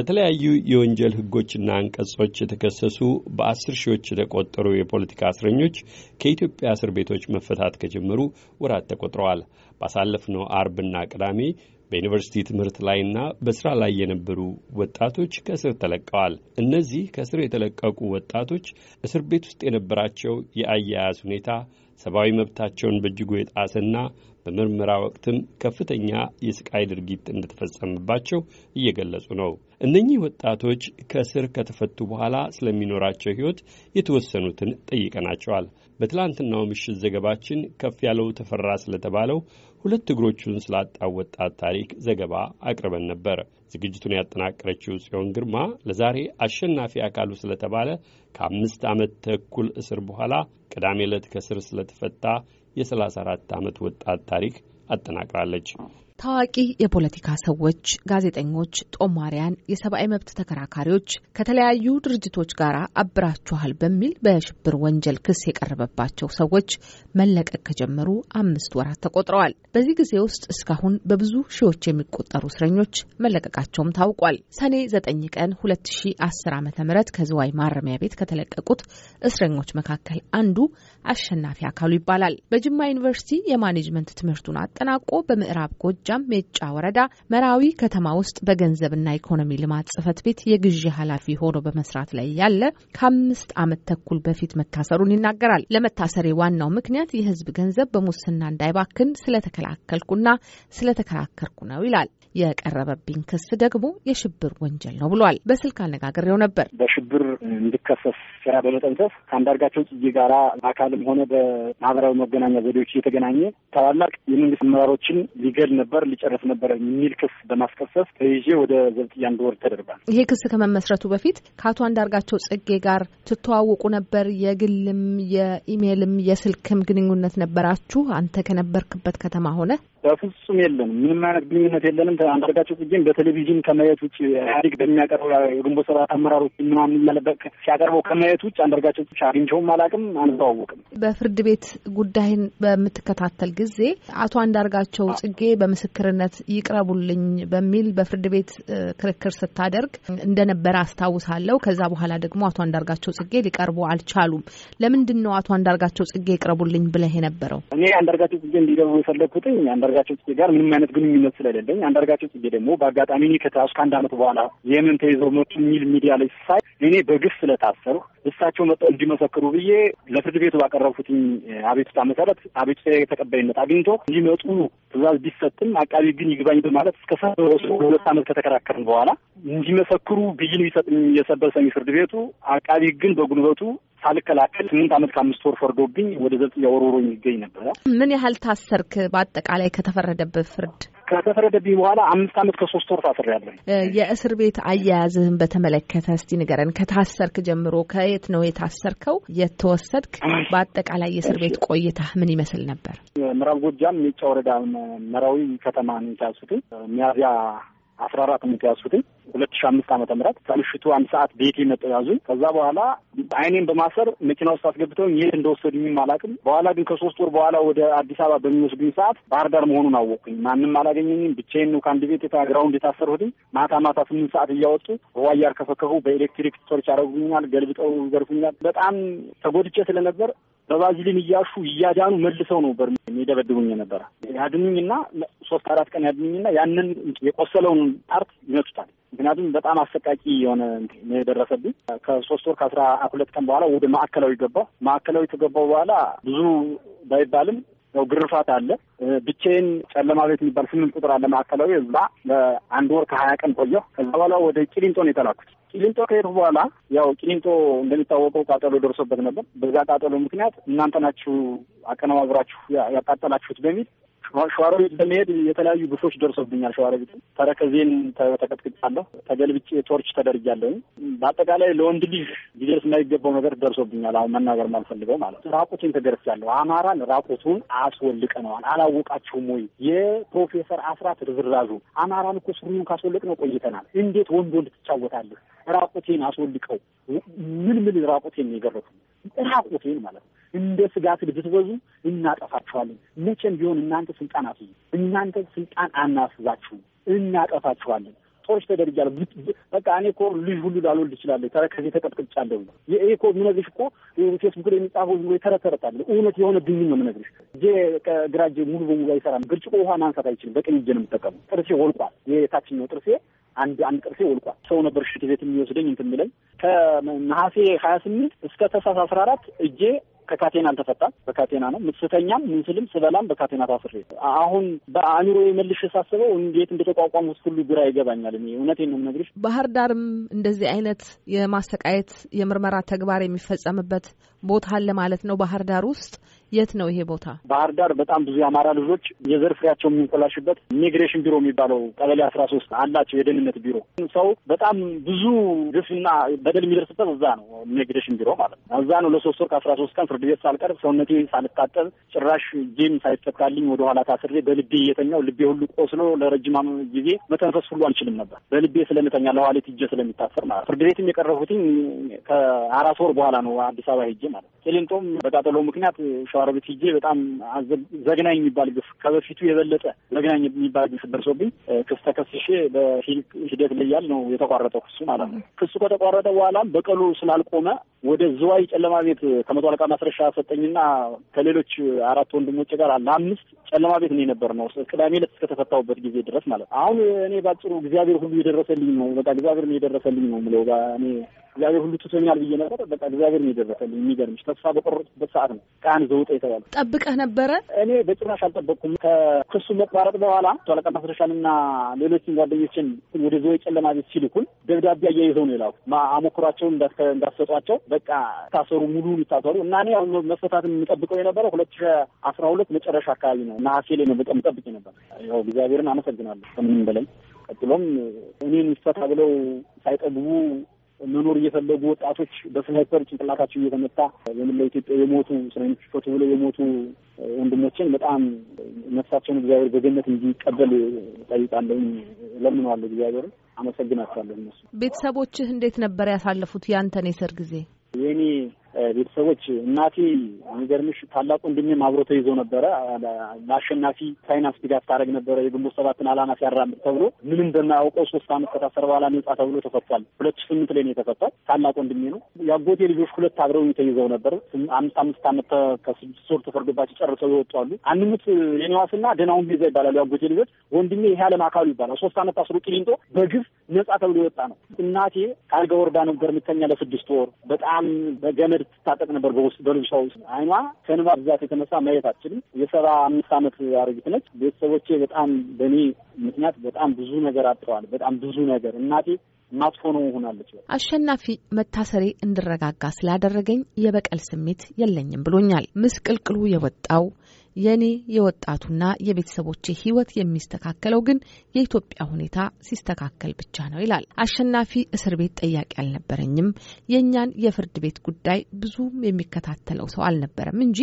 በተለያዩ የወንጀል ህጎችና አንቀጾች የተከሰሱ በአስር ሺዎች የተቆጠሩ የፖለቲካ እስረኞች ከኢትዮጵያ እስር ቤቶች መፈታት ከጀመሩ ወራት ተቆጥረዋል። ባሳለፍነው አርብና ቅዳሜ በዩኒቨርሲቲ ትምህርት ላይና በስራ ላይ የነበሩ ወጣቶች ከእስር ተለቀዋል። እነዚህ ከእስር የተለቀቁ ወጣቶች እስር ቤት ውስጥ የነበራቸው የአያያዝ ሁኔታ ሰብአዊ መብታቸውን በእጅጉ የጣሰና በምርመራ ወቅትም ከፍተኛ የስቃይ ድርጊት እንደተፈጸመባቸው እየገለጹ ነው። እነኚህ ወጣቶች ከእስር ከተፈቱ በኋላ ስለሚኖራቸው ሕይወት የተወሰኑትን ጠይቀናቸዋል። በትላንትናው ምሽት ዘገባችን ከፍ ያለው ተፈራ ስለተባለው ሁለት እግሮቹን ስላጣው ወጣት ታሪክ ዘገባ አቅርበን ነበር። ዝግጅቱን ያጠናቀረችው ጽዮን ግርማ ለዛሬ አሸናፊ አካሉ ስለተባለ ከአምስት ዓመት ተኩል እስር በኋላ ቅዳሜ ዕለት ከእስር ስለተፈታ የ34 ዓመት ወጣት ታሪክ አጠናቅራለች። ታዋቂ የፖለቲካ ሰዎች፣ ጋዜጠኞች፣ ጦማሪያን፣ የሰብአዊ መብት ተከራካሪዎች ከተለያዩ ድርጅቶች ጋር አብራችኋል በሚል በሽብር ወንጀል ክስ የቀረበባቸው ሰዎች መለቀቅ ከጀመሩ አምስት ወራት ተቆጥረዋል። በዚህ ጊዜ ውስጥ እስካሁን በብዙ ሺዎች የሚቆጠሩ እስረኞች መለቀቃቸውም ታውቋል። ሰኔ ዘጠኝ ቀን ሁለት ሺ አስር ዓመተ ምህረት ከዝዋይ ማረሚያ ቤት ከተለቀቁት እስረኞች መካከል አንዱ አሸናፊ አካሉ ይባላል። በጅማ ዩኒቨርሲቲ የማኔጅመንት ትምህርቱን አጠናቆ በምዕራብ ጎጃ ጎጃም ሜጫ ወረዳ መራዊ ከተማ ውስጥ በገንዘብና ኢኮኖሚ ልማት ጽህፈት ቤት የግዢ ኃላፊ ሆኖ በመስራት ላይ ያለ ከአምስት ዓመት ተኩል በፊት መታሰሩን ይናገራል። ለመታሰሬ ዋናው ምክንያት የህዝብ ገንዘብ በሙስና እንዳይባክን ስለተከላከልኩና ስለተከራከርኩ ነው ይላል። የቀረበብኝ ክስ ደግሞ የሽብር ወንጀል ነው ብሏል። በስልክ አነጋግሬው ነበር። በሽብር እንድከሰስ ስራ በመጠንሰስ ከአንዳርጋቸው ጽጌ ጋራ አካልም ሆነ በማህበራዊ መገናኛ ዘዴዎች እየተገናኘ ታላላቅ የመንግስት አመራሮችን ሊገል ነበር ወር ሊጨርስ ነበረ የሚል ክስ በማስከሰስ ተይዤ ወደ ዘብጥያ እንድወር ተደርጓል። ይሄ ክስ ከመመስረቱ በፊት ከአቶ አንዳርጋቸው ጽጌ ጋር ትተዋወቁ ነበር? የግልም የኢሜይልም የስልክም ግንኙነት ነበራችሁ? አንተ ከነበርክበት ከተማ ሆነ በፍጹም የለንም። ምንም አይነት ግንኙነት የለንም። አንዳርጋቸው ጽጌም በቴሌቪዥን ከማየት ውጭ ኢህአዴግ በሚያቀርበው የግንቦት ሰባት አመራሮች ምናምን መለበቅ ሲያቀርበው ከማየት ውጭ አንዳርጋቸው ጽጌ አግኝቸውም አላውቅም፣ አንተዋወቅም። በፍርድ ቤት ጉዳይን በምትከታተል ጊዜ አቶ አንዳርጋቸው ጽጌ በምስክርነት ይቅረቡልኝ በሚል በፍርድ ቤት ክርክር ስታደርግ እንደነበረ አስታውሳለሁ። ከዛ በኋላ ደግሞ አቶ አንዳርጋቸው ጽጌ ሊቀርቡ አልቻሉም። ለምንድን ነው አቶ አንዳርጋቸው ጽጌ ይቅረቡልኝ ብለህ የነበረው? እኔ አንዳርጋቸው ጽጌ እንዲገቡ የፈለግኩትኝ ከአንዳርጋቸው ጽጌ ጋር ምንም አይነት ግንኙነት ስለሌለኝ አንዳርጋቸው ጽጌ ደግሞ በአጋጣሚ ከታሱ ከአንድ አመት በኋላ የምን ተይዘው መቱ የሚል ሚዲያ ላይ ሳይ እኔ በግፍ ስለታሰሩ እሳቸው መጠው እንዲመሰክሩ ብዬ ለፍርድ ቤቱ ባቀረብኩትኝ አቤቱታ መሰረት አቤቱታ የተቀባይነት አግኝቶ እንዲመጡ ትእዛዝ ቢሰጥም አቃቢ ግን ይግባኝ በማለት እስከ ሁለት ዓመት ከተከራከርን በኋላ እንዲመሰክሩ ብይን ቢሰጥም የሰበር ሰሚ ፍርድ ቤቱ አቃቢ ግን በጉልበቱ ሳልከላከል ስምንት ዓመት ከአምስት ወር ፈርዶብኝ ወደ ዘብጥ እያወርወሮኝ ይገኝ ነበረ። ምን ያህል ታሰርክ? በአጠቃላይ ከተፈረደብህ ፍርድ ከተፈረደብኝ በኋላ አምስት አመት ከሶስት ወር ታስሬያለሁ። የእስር ቤት አያያዝህን በተመለከተ እስቲ ንገረን። ከታሰርክ ጀምሮ ከየት ነው የታሰርከው? የተወሰድክ? በአጠቃላይ የእስር ቤት ቆይታህ ምን ይመስል ነበር? ምዕራብ ጎጃም ሜጫ ወረዳ መራዊ ከተማ ነው የተያዝኩት። ሚያዝያ አስራ አራት ነው የተያዝኩት። ሁለት ሺ አምስት ዓመተ ምህረት ከምሽቱ አንድ ሰዓት ቤቴ መጥተው ያዙኝ። ከዛ በኋላ አይኔን በማሰር መኪና ውስጥ አስገብተውኝ የት እንደወሰዱኝም አላውቅም። በኋላ ግን ከሶስት ወር በኋላ ወደ አዲስ አበባ በሚወስዱኝ ሰዓት ባህር ዳር መሆኑን አወቅኩኝ። ማንም አላገኘኝም። ብቻዬን ነው ከአንድ ቤት ግራውንድ የታሰርሁትኝ። ማታ ማታ ስምንት ሰዓት እያወጡ በዋያር ከፈከፉ በኤሌክትሪክ ቶርች አረጉኛል። ገልብጠው ይገርፉኛል። በጣም ተጎድቼ ስለነበር በባዚሊን እያሹ እያዳኑ መልሰው ነው በር የደበድቡኝ ነበረ። ያድኑኝና ሶስት አራት ቀን ያድኑኝና ያንን የቆሰለውን ፓርት ይመቱታል። ምክንያቱም በጣም አሰቃቂ የሆነ የደረሰብኝ ከሶስት ወር ከአስራ ሁለት ቀን በኋላ ወደ ማዕከላዊ ገባሁ። ማዕከላዊ ከገባሁ በኋላ ብዙ ባይባልም ያው ግርፋት አለ። ብቻዬን ጨለማ ቤት የሚባል ስምንት ቁጥር አለ ማዕከላዊ። እዛ ለአንድ ወር ከሀያ ቀን ቆየሁ። ከዛ በኋላ ወደ ቂሊንጦ ነው የተላኩት። ቂሊንጦ ከሄድኩ በኋላ ያው ቂሊንጦ እንደሚታወቀው ቃጠሎ ደርሶበት ነበር። በዛ ቃጠሎ ምክንያት እናንተ ናችሁ አቀነባብራችሁ ያቃጠላችሁት በሚል ሸዋሮቢት በመሄድ የተለያዩ ብሶች ደርሶብኛል። ሸዋሮቢት ተረከዜን ተቀጥቅጫለሁ፣ ተገልብጬ ቶርች ተደርጃለሁ። በአጠቃላይ ለወንድ ልጅ ሊደርስ የማይገባው ነገር ደርሶብኛል። አሁን መናገር ማልፈልገው ማለት ራቁቴን ተገርፌያለሁ። አማራን ራቁቱን አስወልቀነዋል። አላወቃችሁም ወይ? የፕሮፌሰር አስራት ትርዝራዙ አማራን እኮ ሱሪውን ካስወልቅነው ቆይተናል። እንዴት ወንድ ወንድ ትጫወታለህ? ራቁቴን አስወልቀው ምን ምን ራቁቴን የገረፉ ራቁቴን ማለት ነው እንደ ስጋት ብትበዙ እናጠፋችኋለን። መቼም ቢሆን እናንተ ስልጣን አትይዙ፣ እናንተ ስልጣን አናስዛችሁ፣ እናጠፋችኋለን። ጦሮች ተደርጃለሁ። በቃ እኔ እኮ ልጅ ሁሉ ላልወልድ እችላለሁ። ተረከዜ ተቀጥቅጫለሁ። ይሄ እኮ የምነግርሽ እኮ ፌስቡክ ላይ የሚጻፈው ዝም ብሎ የተረተረታለ እውነት የሆነ ብይን ነው የምነግርሽ። እጄ ግራ እጄ ሙሉ በሙሉ አይሰራም። ብርጭቆ ውሃ ማንሳት አይችልም። በቀኝ እጄ ነው የምጠቀሙ። ጥርሴ ወልቋል። የታችኛው ጥርሴ አንድ አንድ ጥርሴ ወልቋል። ሰው ነበር ሽንት ቤት የሚወስደኝ እንትን የሚለኝ ከነሐሴ ሀያ ስምንት እስከ ተሳስ አስራ አራት እጄ ከካቴና አልተፈታም፣ በካቴና ነው ምስተኛም ምንስልም ስበላም በካቴና ታስሬ አሁን በአእምሮ የመልሽ ሳስበው እንዴት እንደተቋቋሙ ሁሉ ግራ ይገባኛል። እውነቴን ነው የምነግርሽ። ባህር ዳርም እንደዚህ አይነት የማሰቃየት የምርመራ ተግባር የሚፈጸምበት ቦታ አለ ማለት ነው ባህር ዳር ውስጥ የት ነው ይሄ ቦታ? ባህር ዳር በጣም ብዙ የአማራ ልጆች የዘር ፍሬያቸው የሚንኮላሽበት ኢሚግሬሽን ቢሮ የሚባለው ቀበሌ አስራ ሶስት አላቸው የደህንነት ቢሮ። ሰው በጣም ብዙ ግፍና በደል የሚደርስበት እዛ ነው፣ ኢሚግሬሽን ቢሮ ማለት ነው። እዛ ነው ለሶስት ወር ከአስራ ሶስት ቀን ፍርድ ቤት ሳልቀርብ ሰውነቴ ሳልታጠብ ጭራሽ ጄም ሳይፈታልኝ ወደኋላ ታስሬ በልቤ እየተኛው ልቤ ሁሉ ቆስሎ ለረጅም ጊዜ መተንፈስ ሁሉ አልችልም ነበር በልቤ ስለምተኛ ለኋላ ትጀ ስለሚታሰር ማለት ፍርድ ቤትም የቀረብኩትኝ ከአራት ወር በኋላ ነው አዲስ አበባ ሄጄ ማለት ቂሊንጦም በቃጠሎ ምክንያት አረቢት ሄጄ በጣም ዘግናኝ የሚባል ግፍ ከበፊቱ የበለጠ ዘግናኝ የሚባል ግፍ ደርሶብኝ ክስ ተከስሼ በሂደት ልያል ነው የተቋረጠው ክሱ ማለት ነው። ክሱ ከተቋረጠ በኋላም በቀሉ ስላልቆመ ወደ ዝዋይ ጨለማ ቤት ከመቶ አለቃ ማስረሻ ሰጠኝና ከሌሎች አራት ወንድሞቼ ጋር ለአምስት ጨለማ ቤት ነው የነበር ነው ቅዳሜ ዕለት እስከተፈታሁበት ጊዜ ድረስ ማለት አሁን እኔ ባጭሩ እግዚአብሔር ሁሉ የደረሰልኝ ነው። በቃ እግዚአብሔር የደረሰልኝ ነው ምለው እኔ እግዚአብሔር ሁሉ ትቶኛል ብዬ ነበር። በቃ እግዚአብሔር ነው የደረሰልኝ። የሚገርምሽ ተስፋ በቆረጥኩበት ሰዓት ነው ቃን ዘውጠ የተባለ ጠብቀህ ነበረ? እኔ በጭራሽ አልጠበቅኩም። ከክሱ መቋረጥ በኋላ አለቃ ማስረሻንና ሌሎችን ጓደኞችን ወደ ዘወይ ጨለማ ቤት ሲልኩን ደብዳቤ አያይዘው ነው የላኩ አሞክሯቸውን እንዳሰጧቸው በቃ ታሰሩ ሙሉ ታሰሩ እና እኔ መፈታትን የምጠብቀው የነበረው ሁለት ሺህ አስራ ሁለት መጨረሻ አካባቢ ነው ነሐሴ ላይ ነው በጣም ጠብቄ ነበር። ያው እግዚአብሔርን አመሰግናለሁ ከምንም በላይ ቀጥሎም እኔን ይፈታ ብለው ሳይጠግቡ መኖር እየፈለጉ ወጣቶች በስናይፐር ጭንቅላታቸው እየተመታ በመላ ለኢትዮጵያ የሞቱ ስለሚፈቱ ብለው የሞቱ ወንድሞችን በጣም ነፍሳቸውን እግዚአብሔር በገነት እንዲቀበል ጠይቃለሁ፣ ለምነዋለሁ። እግዚአብሔር አመሰግናቸዋለሁ። እነሱ ቤተሰቦችህ እንዴት ነበር ያሳለፉት ያንተን የእስር ጊዜ? የእኔ ቤተሰቦች እናቴ የሚገርምሽ ታላቅ ወንድሜም አብሮ ተይዞ ነበረ። ለአሸናፊ ፋይናንስ ድጋፍ ታደረግ ነበረ። የግንቦት ሰባትን አላማ ሲያራምድ ተብሎ ምንም በማያውቀው ሶስት አመት ከታሰረ በኋላ ነጻ ተብሎ ተፈቷል። ሁለት ሺ ስምንት ላይ ነው የተፈቷል። ታላቁ ወንድሜ ነው። የአጎቴ ልጆች ሁለት አብረው ተይዘው ነበር። አምስት አምስት አመት ከስድስት ወር ተፈርዶባቸው ጨርሰው ይወጧሉ። አሉ። አንሙት ደናውን ቤዛ ይባላሉ የአጎቴ ልጆች። ወንድሜ ይሄ አለም አካሉ ይባላል። ሶስት አመት ታስሮ ቂሊንጦ በግፍ ነጻ ተብሎ የወጣ ነው። እናቴ ካልጋ ወርዳ ነበር ለስድስት ወር በጣም በገመድ ስታጠቅ ነበር በውስጥ በልብሷ ውስጥ አይኗ ከንባ ብዛት የተነሳ ማየት አትችልም። የሰባ አምስት ዓመት አሮጊት ነች። ቤተሰቦቼ በጣም በእኔ ምክንያት በጣም ብዙ ነገር አጥተዋል። በጣም ብዙ ነገር እናቴ ማጥፎ ነው ሆናለች። አሸናፊ መታሰሬ እንድረጋጋ ስላደረገኝ የበቀል ስሜት የለኝም ብሎኛል። ምስቅልቅሉ የወጣው የኔ የወጣቱና የቤተሰቦቼ ህይወት የሚስተካከለው ግን የኢትዮጵያ ሁኔታ ሲስተካከል ብቻ ነው ይላል። አሸናፊ እስር ቤት ጠያቂ አልነበረኝም። የእኛን የፍርድ ቤት ጉዳይ ብዙም የሚከታተለው ሰው አልነበረም እንጂ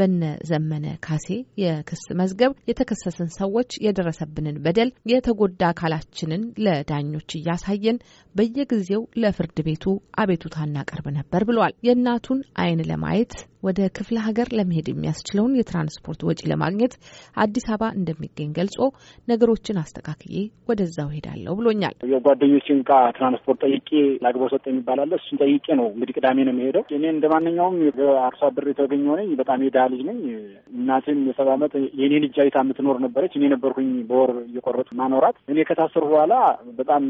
በነ ዘመነ ካሴ የክስ መዝገብ የተከሰስን ሰዎች የደረሰብንን በደል፣ የተጎዳ አካላችንን ለዳኞች እያሳየን በየጊዜው ለፍርድ ቤቱ አቤቱታ እናቀርብ ነበር ብሏል። የእናቱን አይን ለማየት ወደ ክፍለ ሀገር ለመሄድ የሚያስችለውን የትራንስፖርት ወጪ ለማግኘት አዲስ አበባ እንደሚገኝ ገልጾ ነገሮችን አስተካክዬ ወደዛው ሄዳለሁ ብሎኛል። የጓደኞችን ቃ ትራንስፖርት ጠይቄ ለአግባው ሰጠ የሚባል እሱን ጠይቄ ነው እንግዲህ ቅዳሜ ነው የሚሄደው። እኔ እንደ ማንኛውም አርሶ አደር የተገኘ ነኝ። በጣም የድሃ ልጅ ነኝ። እናቴም የሰባ ዓመት የእኔን ልጅ አይታ የምትኖር ነበረች። እኔ ነበርኩኝ በወር እየቆረጡ ማኖራት። እኔ ከታሰርኩ በኋላ በጣም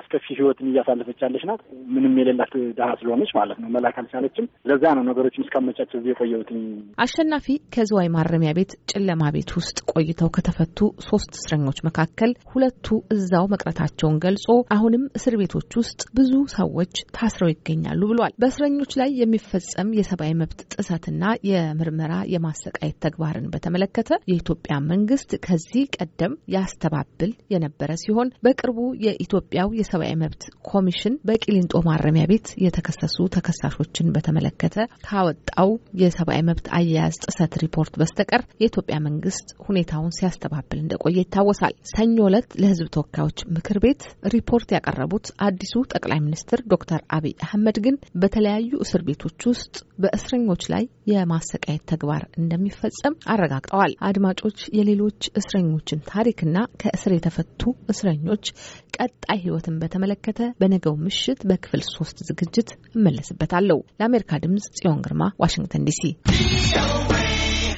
አስከፊ ህይወትን እያሳለፈች ያለች ናት። ምንም የሌላት ድሃ ስለሆነች ማለት ነው መላክ አልቻለችም። ለዛ ነው ነገሮችን እስካመቻቸ እዚህ የቆየሁትኝ። አሸናፊ ከዝዋይ ማረሚያ ቤት ጨለማ ቤት ውስጥ ቆይተው ከተፈቱ ሶስት እስረኞች መካከል ሁለቱ እዛው መቅረታቸውን ገልጾ አሁንም እስር ቤቶች ውስጥ ብዙ ሰዎች ታስረው ይገኛሉ ብሏል። በእስረኞች ላይ የሚፈጸም የሰብአዊ መብት ጥሰትና የምርመራ የማሰቃየት ተግባርን በተመለከተ የኢትዮጵያ መንግስት ከዚህ ቀደም ያስተባብል የነበረ ሲሆን በቅርቡ የኢትዮጵያው የሰብአዊ መብት ኮሚሽን በቂሊንጦ ማረሚያ ቤት የተከሰሱ ተከሳሾችን በተመለከተ ካወጣው የሰብአዊ መብት አያያዝ ጥሰት ሪፖርት በስተቀር የኢትዮጵያ መንግስት ሁኔታውን ሲያስተባብል እንደቆየ ይታወሳል። ሰኞ ዕለት ለህዝብ ተወካዮች ምክር ቤት ሪፖርት ያቀረቡት አዲሱ ጠቅላይ ሚኒስትር ዶክተር አብይ አህመድ ግን በተለያዩ እስር ቤቶች ውስጥ በእስረኞች ላይ የማሰቃየት ተግባር እንደሚፈጸም አረጋግጠዋል። አድማጮች የሌሎች እስረኞችን ታሪክና ከእስር የተፈቱ እስረኞች ቀጣይ ህይወትን በተመለከተ በነገው ምሽት በክፍል ሶስት ዝግጅት እመለስበታለሁ። ለአሜሪካ ድምጽ ጽዮን ግርማ ዋሽንግተን ዲሲ